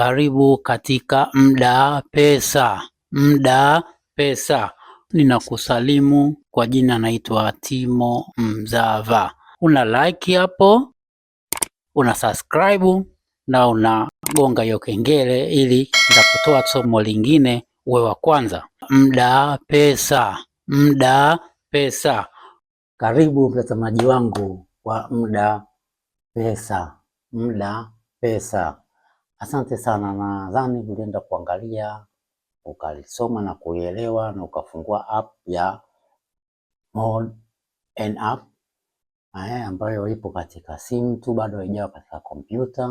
Karibu katika mda pesa, mda pesa. Ninakusalimu kwa jina, naitwa Timo Mzava. Una like hapo, una subscribe na unagonga hiyo kengele, ili nitakutoa somo lingine uwe wa kwanza. Mda pesa, mda pesa. Karibu mtazamaji wangu wa mda pesa, mda pesa. Asante sana, nadhani ulienda kuangalia ukalisoma na kulielewa na ukafungua app ya Mod N App eh, ambayo ipo katika simu tu, bado haijawa katika kompyuta,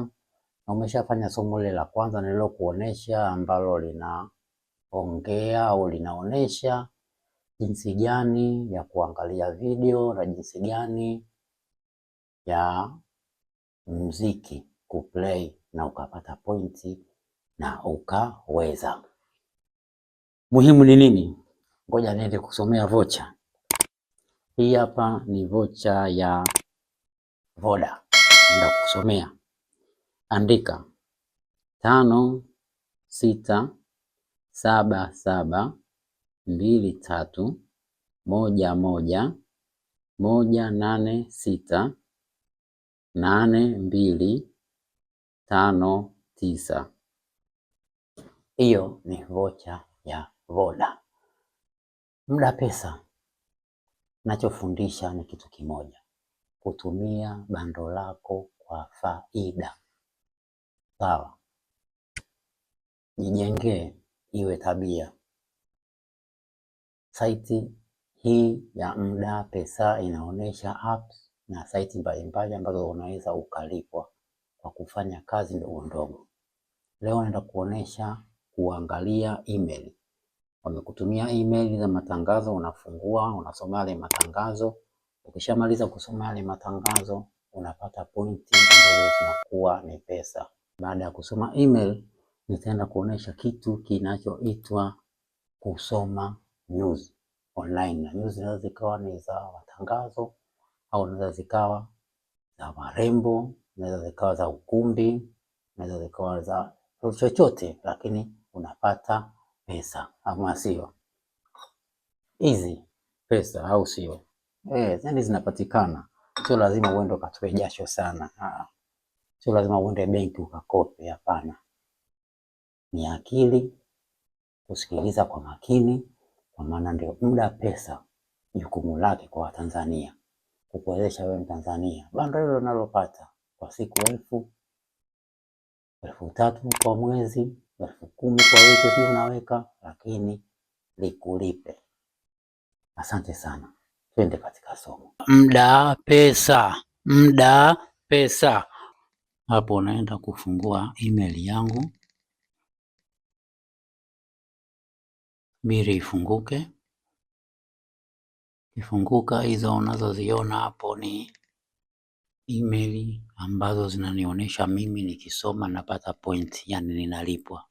na umeshafanya somo lile la kwanza nililokuonesha ambalo linaongea au linaonesha jinsi gani ya kuangalia video na jinsi gani ya muziki kuplay na ukapata pointi na ukaweza. Muhimu ni nini? Ngoja niende kusomea vocha hii. Hapa ni vocha ya Voda, nenda kusomea. Andika tano sita saba saba mbili tatu moja moja moja nane sita nane mbili tano tisa. Hiyo ni vocha ya Voda. mda Pesa nachofundisha ni kitu kimoja, kutumia bando lako kwa faida. Sawa, jijengee iwe tabia. Saiti hii ya mda Pesa inaonyesha apps na saiti mbalimbali ambazo unaweza ukalipwa wa kufanya kazi ndogo ndogo. Leo naenda kuonesha kuangalia email. Wamekutumia email za matangazo, unafungua unasoma yale matangazo. Ukishamaliza kusoma yale matangazo, unapata pointi ambazo zinakuwa ni pesa. Baada ya kusoma email, nitaenda kuonesha kitu kinachoitwa kusoma news online, na news zinaweza zikawa ni za matangazo au zinaweza zikawa za marembo zinaweza zikawa za ukumbi, zinaweza zikawa za chochote, lakini unapata pesa, ama sio? Hizi pesa, au sio? Eh, yani zinapatikana, sio lazima uende ukatoe jasho sana. Aa, ah, sio lazima uende benki ukakope, hapana. Ni akili, kusikiliza kwa makini, kwa maana ndio muda pesa jukumu lake kwa Watanzania kukuwezesha wewe Mtanzania, bando hilo unalopata kwa siku elfu elfu tatu kwa mwezi elfu kumi kwa wiki hiyo unaweka, lakini likulipe. Asante sana, twende katika somo mda pesa. Mda pesa, hapo unaenda kufungua email yangu mbili ifunguke. Ifunguka, hizo unazoziona hapo ni email ambazo zinanionyesha mimi nikisoma napata point, yani ninalipwa.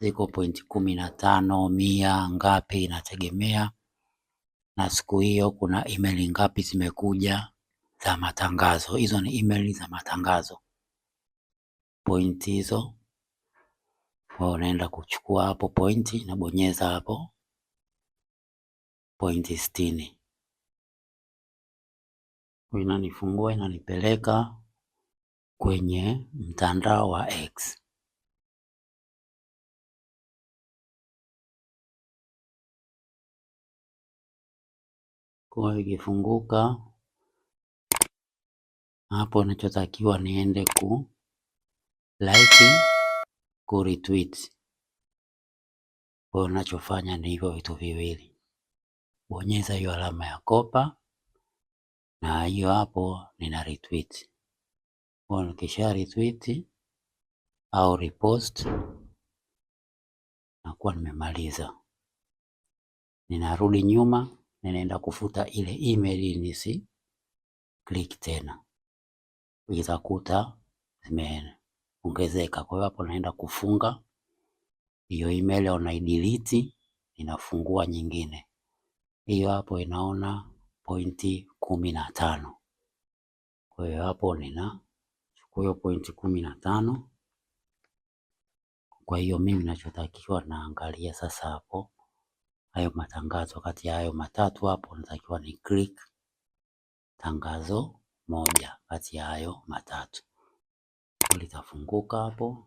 Ziko point kumi na tano, mia ngapi, inategemea na siku hiyo kuna email ngapi zimekuja za matangazo. Hizo ni email za matangazo. Point hizo unaenda kuchukua hapo pointi, nabonyeza hapo pointi sitini inanifungua inanipeleka kwenye mtandao wa X. Kwa ikifunguka hapo, nachotakiwa niende ku like, ku retweet. Kwa nachofanya ni hivyo vitu viwili, bonyeza hiyo alama ya kopa na hiyo hapo nina retweet kwa, nikisha retweet au repost nakuwa nimemaliza. Ninarudi nyuma, ninaenda kufuta ile email nisi click tena, itakuta zimeongezeka. Kwa hiyo hapo naenda kufunga hiyo email au naidelete, ninafungua nyingine hiyo hapo inaona pointi kumi na tano. Kwa hiyo hapo ninachukua hiyo pointi kumi na tano. Kwa hiyo mimi ninachotakiwa naangalia sasa hapo hayo matangazo, kati ya hayo matatu hapo natakiwa ni click tangazo moja kati ya hayo matatu, litafunguka hapo.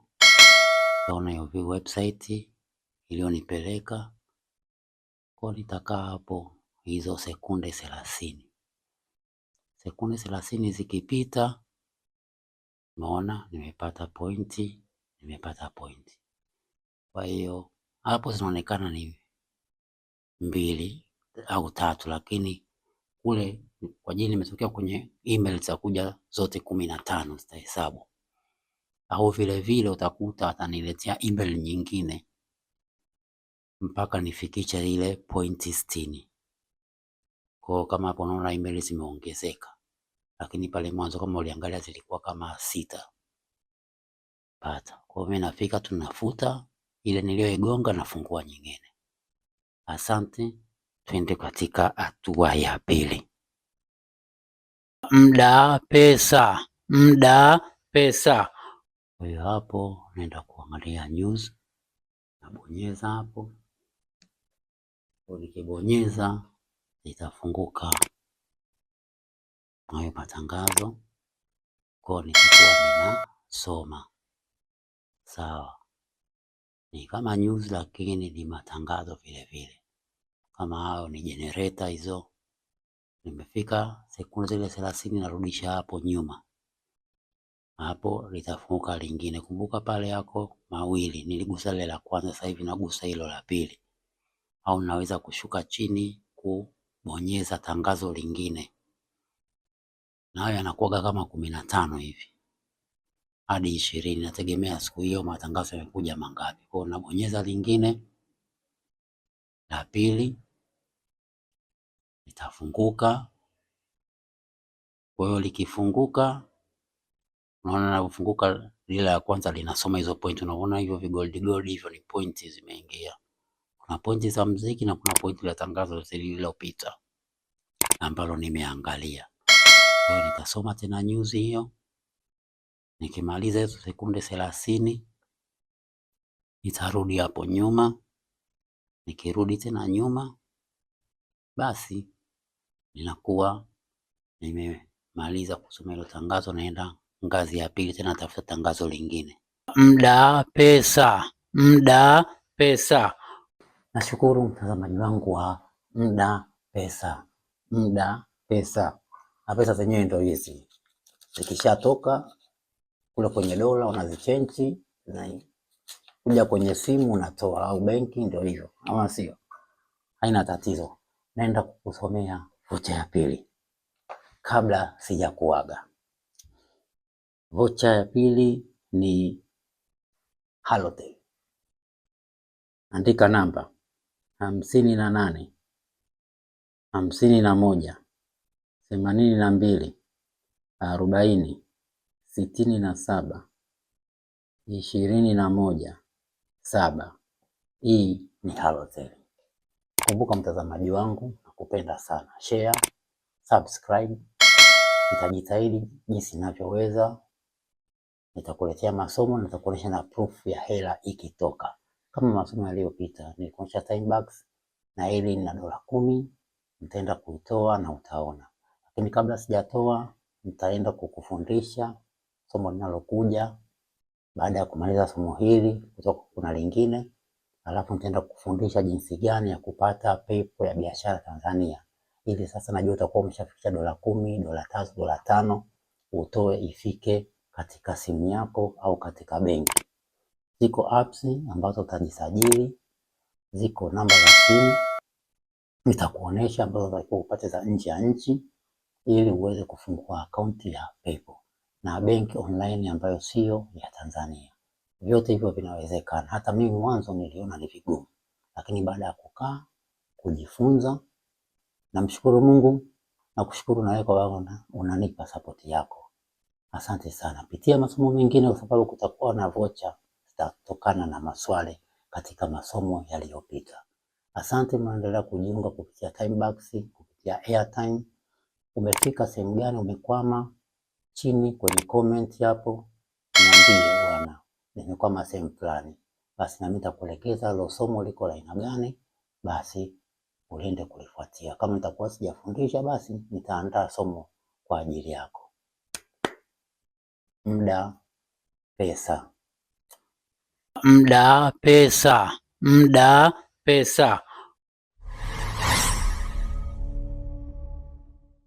Taona hiyo website iliyonipeleka kwa, nitakaa hapo hizo sekunde thelathini. Sekunde thelathini zikipita, umeona nimepata pointi, nimepata pointi. Kwa hiyo hapo zinaonekana ni mbili au tatu, lakini kule kwa jini nimetokea kwenye email za kuja zote kumi na tano zitahesabu, au vilevile utakuta ataniletea email nyingine mpaka nifikisha ile pointi sitini. Kwa kama hapo unaona email zimeongezeka, lakini pale mwanzo kama uliangalia zilikuwa kama sita. Pata. Kwa hiyo mimi nafika tunafuta ile niliyoigonga, nafungua nyingine. Asante, twende katika hatua ya pili. Mda pesa, mda pesa. Kwa hiyo hapo naenda kuangalia news, nabonyeza hapo, nikibonyeza litafunguka hayo matangazo kwa nitakuwa ninasoma. Sawa, ni kama news lakini ni matangazo vile vile, kama hayo ni generator hizo. Nimefika sekunde zile thelathini, narudisha hapo nyuma, hapo litafunguka lingine. Kumbuka pale yako mawili, niligusa lile la kwanza, sasa hivi nagusa hilo la pili, au naweza kushuka chini ku bonyeza tangazo lingine, nayo yanakuwaga kama kumi na tano hivi hadi ishirini, nategemea siku hiyo matangazo yamekuja mangapi. Kwa hiyo nabonyeza lingine la pili, litafunguka. Kwa hiyo likifunguka, unaona linavyofunguka, lile la kwanza linasoma hizo pointi, unaona hivyo vigoldigoldi hivyo, ni pointi zimeingia kuna pointi za mziki na kuna pointi la tangazo lililopita ambalo nimeangalia. Kwa hiyo nitasoma tena news hiyo, nikimaliza hizo sekunde thelathini nitarudi hapo nyuma. Nikirudi tena nyuma, basi ninakuwa nimemaliza kusoma hilo tangazo, naenda ngazi ya pili tena, tafuta tangazo lingine. Mda pesa, mda pesa Nashukuru mtazamaji wangu wa Muda Pesa. Muda Pesa na pesa zenyewe ndio hizi, zikishatoka kule kwenye dola unazichenji na kuja kwenye simu unatoa, au benki, ndio hivyo, ama sio? Haina tatizo. Naenda kukusomea vocha ya pili kabla sijakuaga. Vocha ya pili ni Halotel, andika namba hamsini na nane hamsini na moja themanini na mbili arobaini sitini na saba ishirini na moja saba. Hii ni Halotel. Kumbuka mtazamaji wangu, nakupenda sana. Share, subscribe. Nitajitahidi jinsi ninavyoweza, nitakuletea masomo, nitakuonyesha na proof ya hela ikitoka kama masomo yaliyopita, nilikuonyesha time bucks na ili na dola kumi, nitaenda kuitoa na utaona. Lakini kabla sijatoa, nitaenda kukufundisha somo linalokuja baada ya kumaliza somo hili, kutoka kuna lingine, alafu nitaenda kukufundisha jinsi gani ya kupata pepo ya biashara Tanzania, ili sasa najua utakuwa umeshafikisha dola kumi, dola tatu, dola tano, utoe ifike katika simu yako au katika benki ziko apps ambazo utajisajili, ziko namba za simu nitakuonesha ambazo unatakiwa upate za nje ya nchi ili uweze kufungua akaunti ya PayPal na benki online ambayo sio ya Tanzania. Vyote hivyo vinawezekana. Hata mimi mwanzo niliona ni vigumu, lakini baada ya kukaa kujifunza, namshukuru Mungu na kushukuru na wewe kwa unanipa support yako. Asante sana. Pitia masomo mengine, kwa sababu kutakuwa na voucher zitatokana na maswali katika masomo yaliyopita. Asante, mnaendelea kujiunga kupitia Timebox, kupitia Airtime. Umefika sehemu gani? Umekwama chini kwenye comment hapo, niambie bwana, nimekwama sehemu fulani, basi nami nitakuelekeza hilo somo liko la aina gani, basi uende kulifuatia. Kama nitakuwa sijafundisha, basi nitaandaa somo kwa ajili yako. Muda, pesa mda, pesa, mda, pesa.